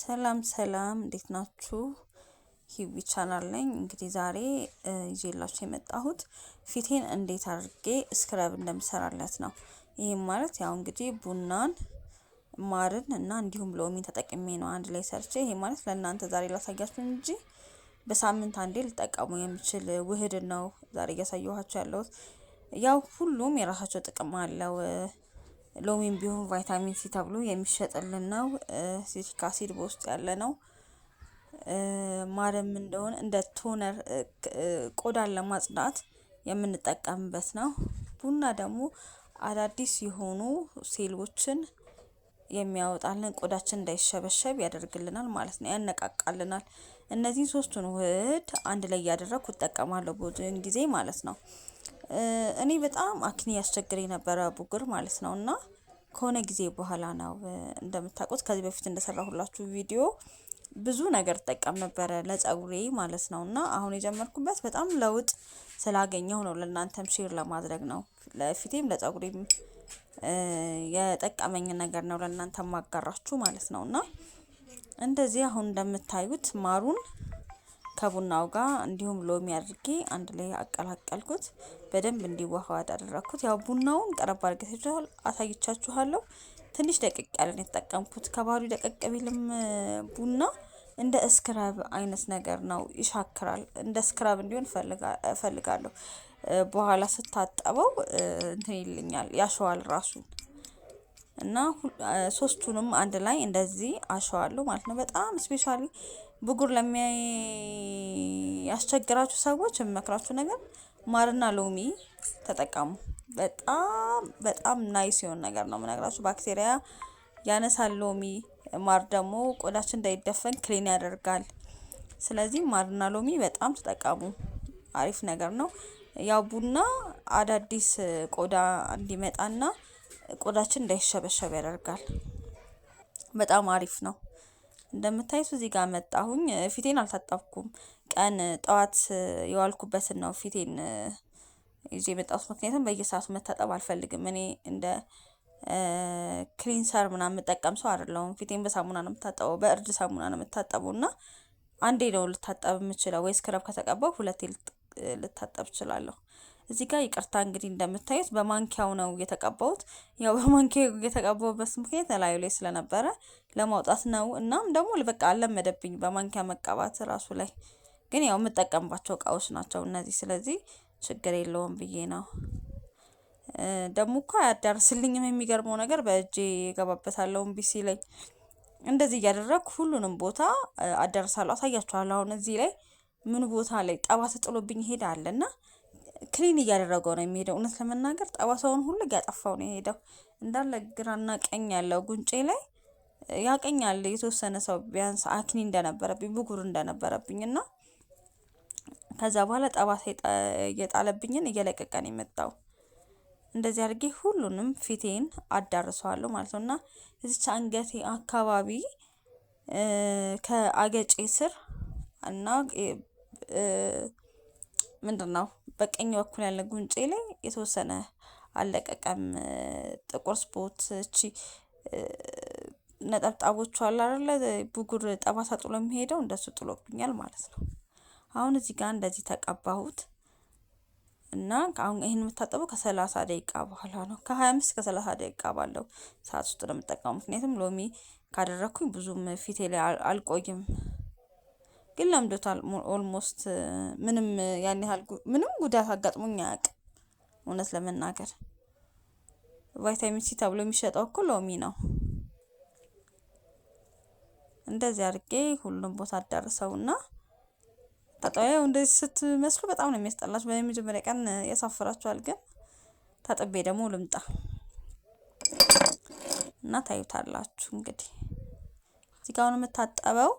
ሰላም ሰላም እንዴት ናችሁ? ሂዊ ቻናል ነኝ። እንግዲህ ዛሬ ይዤላችሁ የመጣሁት ፊቴን እንዴት አድርጌ ስክረብ እንደምሰራለት ነው። ይህም ማለት ያው እንግዲህ ቡናን፣ ማርን እና እንዲሁም ሎሚን ተጠቅሜ ነው አንድ ላይ ሰርቼ። ይሄ ማለት ለእናንተ ዛሬ ላሳያችሁ እንጂ በሳምንት አንዴ ልጠቀሙ የምችል ውህድ ነው ዛሬ እያሳየኋቸው ያለሁት። ያው ሁሉም የራሳቸው ጥቅም አለው። ሎሚም ቢሆን ቫይታሚን ሲ ተብሎ የሚሸጥልን ነው። ሲትሪክ አሲድ በውስጡ ያለ ነው። ማርም እንደሆነ እንደ ቶነር ቆዳን ለማጽዳት የምንጠቀምበት ነው። ቡና ደግሞ አዳዲስ የሆኑ ሴሎችን የሚያወጣልን ቆዳችን እንዳይሸበሸብ ያደርግልናል ማለት ነው፣ ያነቃቃልናል። እነዚህ ሶስቱን ውህድ አንድ ላይ እያደረግኩ እጠቀማለሁ ብዙውን ጊዜ ማለት ነው። እኔ በጣም አክኒ ያስቸግር የነበረ ቡግር ማለት ነው እና ከሆነ ጊዜ በኋላ ነው እንደምታውቁት ከዚህ በፊት እንደሰራሁላችሁ ቪዲዮ ብዙ ነገር ጠቀም ነበረ ለጸጉሬ ማለት ነው እና አሁን የጀመርኩበት በጣም ለውጥ ስላገኘ ነው። ለእናንተም ሼር ለማድረግ ነው። ለፊቴም ለጸጉሬም የጠቀመኝ ነገር ነው ለእናንተ ማጋራችሁ ማለት ነው እና እንደዚህ አሁን እንደምታዩት ማሩን ከቡናው ጋር እንዲሁም ሎሚ አድርጌ አንድ ላይ አቀላቀልኩት። በደንብ እንዲዋሃድ አደረግኩት። ያው ቡናውን ቀረብ አድርጌ አሳይቻችኋለሁ። ትንሽ ደቀቅ ያለን የተጠቀምኩት ከባህሉ ደቀቅ ቢልም ቡና እንደ እስክራብ አይነት ነገር ነው፣ ይሻክራል። እንደ እስክራብ እንዲሆን እፈልጋለሁ። በኋላ ስታጠበው እንትን ይልኛል፣ ያሸዋል ራሱን እና ሶስቱንም አንድ ላይ እንደዚህ አሸዋለሁ ማለት ነው። በጣም ስፔሻሊ ብጉር ለሚያስቸግራችሁ ሰዎች የሚመክራችሁ ነገር ማርና ሎሚ ተጠቀሙ። በጣም በጣም ናይስ የሆን ነገር ነው የምነግራችሁ። ባክቴሪያ ያነሳል ሎሚ። ማር ደግሞ ቆዳችን እንዳይደፈን ክሊን ያደርጋል። ስለዚህ ማርና ሎሚ በጣም ተጠቀሙ። አሪፍ ነገር ነው። ያው ቡና አዳዲስ ቆዳ እንዲመጣና ቆዳችን እንዳይሸበሸብ ያደርጋል። በጣም አሪፍ ነው። እንደምታዩት እዚህ ጋር መጣሁኝ። ፊቴን አልታጠብኩም። ቀን ጠዋት የዋልኩበትን ነው ፊቴን ይዤ የመጣሁት። ምክንያቱም በየሰዓቱ መታጠብ አልፈልግም። እኔ እንደ ክሊንሰር ምናምን የምጠቀም ሰው አይደለሁም። ፊቴን በሳሙና ነው የምታጠበው፣ በእርድ ሳሙና ነው የምታጠበው እና አንዴ ነው ልታጠብ የምችለው፣ ወይ ስክረብ ከተቀባው ሁለቴ ልታጠብ እችላለሁ። እዚህ ጋር ይቅርታ እንግዲህ እንደምታዩት በማንኪያው ነው የተቀባሁት። ያው በማንኪያው የተቀባሁበት ምክንያት ላዩ ላይ ስለነበረ ለማውጣት ነው። እናም ደግሞ በቃ አለመደብኝ በማንኪያ መቀባት ራሱ ላይ። ግን ያው የምጠቀምባቸው እቃዎች ናቸው እነዚህ፣ ስለዚህ ችግር የለውም ብዬ ነው። ደግሞ እኮ አያዳርስልኝም። የሚገርመው ነገር በእጄ የገባበታለሁ ቢሲ ላይ እንደዚህ እያደረግኩ ሁሉንም ቦታ አዳርሳለሁ። አሳያችኋለሁ። አሁን እዚህ ላይ ምን ቦታ ላይ ቀባ ተጥሎብኝ ይሄዳል እና ክሊን እያደረገው ነው የሚሄደው። እውነት ለመናገር ጠባሳውን ሁሉ እያጠፋው ነው የሄደው እንዳለ ግራና ቀኝ ያለው ጉንጬ ላይ ያቀኛል። የተወሰነ ሰው ቢያንስ አክኒ እንደነበረብኝ ብጉር እንደነበረብኝ እና ከዛ በኋላ ጠባሳ እየጣለብኝን እየለቀቀን የመጣው እንደዚህ አድርጌ ሁሉንም ፊቴን አዳርሰዋለሁ ማለት ነው እና እዚች አንገቴ አካባቢ ከአገጬ ስር እና ምንድን ነው በቀኝ በኩል ያለ ጉንጬ ላይ የተወሰነ አለቀቀም። ጥቁር ስፖት እቺ ነጠብጣቦቹ አለ አይደለ ብጉር ጠባሳ ጥሎ የሚሄደው እንደሱ ጥሎብኛል ማለት ነው። አሁን እዚህ ጋር እንደዚህ ተቀባሁት እና አሁን ይህን የምታጠበው ከሰላሳ ደቂቃ በኋላ ነው። ከሀያ አምስት ከሰላሳ ደቂቃ ባለው ሰዓት ውስጥ ነው የምጠቀመው። ምክንያቱም ሎሚ ካደረግኩኝ ብዙም ፊቴ ላይ አልቆይም። ግን ለምዶታል። ኦልሞስት ምንም ያን ያህል ምንም ጉዳት አጋጥሞኝ አያውቅም። እውነት ለመናገር ቫይታሚን ሲ ተብሎ የሚሸጠው እኮ ሎሚ ነው። እንደዚህ አድርጌ ሁሉም ቦታ አዳርሰውና ታጠቢያው እንደዚህ ስትመስሉ በጣም ነው የሚያስጠላችሁ። በመጀመሪያ ቀን ያሳፍራችኋል። ግን ታጥቤ ደግሞ ልምጣ እና ታዩታላችሁ እንግዲህ እዚህ ጋር የምታጠበው።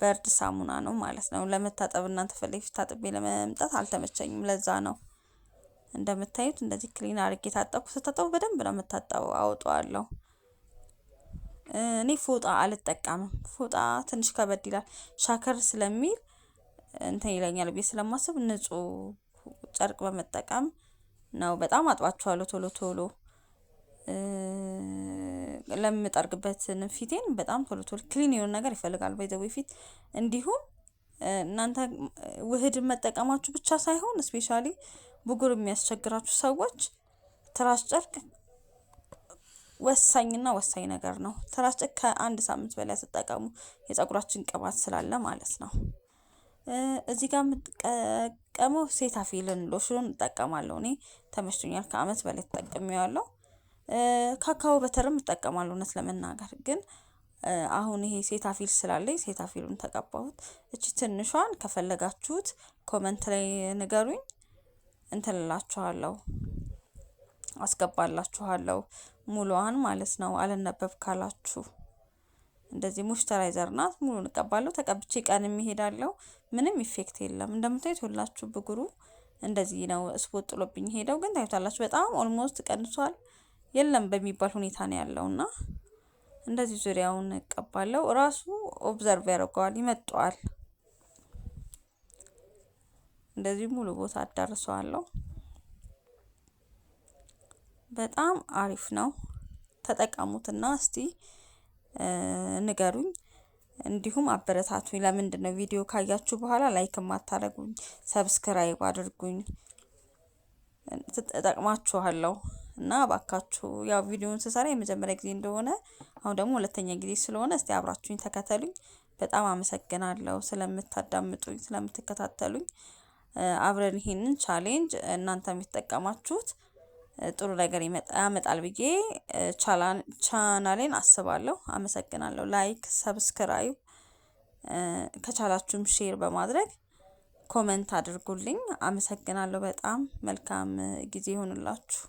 በእርድ ሳሙና ነው ማለት ነው። ለመታጠብ እናንተ ፈለጊት ታጥቤ ለመምጣት አልተመቸኝም። ለዛ ነው እንደምታዩት እንደዚህ ክሊን አድርጌ ታጠብኩ። ስታጠቡ በደንብ ነው የምታጠበው፣ አውጠዋለሁ። እኔ ፎጣ አልጠቀምም። ፎጣ ትንሽ ከበድ ይላል፣ ሻከር ስለሚል እንትን ይለኛል ብዬ ስለማስብ ንጹሕ ጨርቅ በመጠቀም ነው። በጣም አጥባችኋለሁ ቶሎ ቶሎ ለምጠርግበትን ፊቴን በጣም ቶሎ ቶሎ ክሊን የሆነ ነገር ይፈልጋል። ባይዘዌ ፊት እንዲሁም እናንተ ውህድን መጠቀማችሁ ብቻ ሳይሆን ስፔሻሊ ብጉር የሚያስቸግራችሁ ሰዎች ትራስ ጨርቅ ወሳኝና ወሳኝ ነገር ነው። ትራስ ጨርቅ ከአንድ ሳምንት በላይ ስጠቀሙ የጸጉራችን ቅባት ስላለ ማለት ነው። እዚህ ጋር የምጠቀመው ሴታፊልን ሎሽኑን እጠቀማለሁ። እኔ ተመችቶኛል። ከአመት በላይ ተጠቅሜዋለሁ። ካካው በተርም እጠቀማለሁ እውነት ለመናገር ግን አሁን ይሄ ሴታፊል ስላለኝ ሴታፊሉን ተቀባሁት። እቺ ትንሿን ከፈለጋችሁት ኮመንት ላይ ንገሩኝ እንትን አስገባላችኋለሁ ሙሉዋን ማለት ነው። አልነበብ ካላችሁ እንደዚህ ሞይስቸራይዘር ናት። ሙሉ እቀባለሁ። ተቀብቼ ቀንም እሄዳለሁ። ምንም ኢፌክት የለም። እንደምታዩት ሁላችሁ ብጉሩ እንደዚህ ነው። ስፖት ጥሎብኝ ሄደው ግን ታዩታላችሁ በጣም ኦልሞስት ቀንሷል። የለም በሚባል ሁኔታ ነው ያለው እና እንደዚህ ዙሪያውን እቀባለሁ። ራሱ ኦብዘርቭ ያደርገዋል፣ ይመጣዋል። እንደዚህ ሙሉ ቦታ አዳርሰዋለሁ። በጣም አሪፍ ነው። ተጠቀሙትና እስቲ ንገሩኝ። እንዲሁም አበረታቱኝ። ለምንድን ነው ቪዲዮ ካያችሁ በኋላ ላይክ ማታደርጉኝ? ሰብስክራይብ አድርጉኝ። ተጠቅማችኋለሁ። እና እባካችሁ ያው ቪዲዮውን ስሰራ የመጀመሪያ ጊዜ እንደሆነ አሁን ደግሞ ሁለተኛ ጊዜ ስለሆነ እስቲ አብራችሁኝ ተከተሉኝ። በጣም አመሰግናለሁ ስለምታዳምጡኝ፣ ስለምትከታተሉኝ። አብረን ይሄንን ቻሌንጅ እናንተ የሚጠቀማችሁት ጥሩ ነገር ያመጣል ብዬ ቻናሌን አስባለሁ። አመሰግናለሁ። ላይክ፣ ሰብስክራይብ ከቻላችሁም ሼር በማድረግ ኮመንት አድርጉልኝ። አመሰግናለሁ በጣም መልካም ጊዜ ይሆንላችሁ።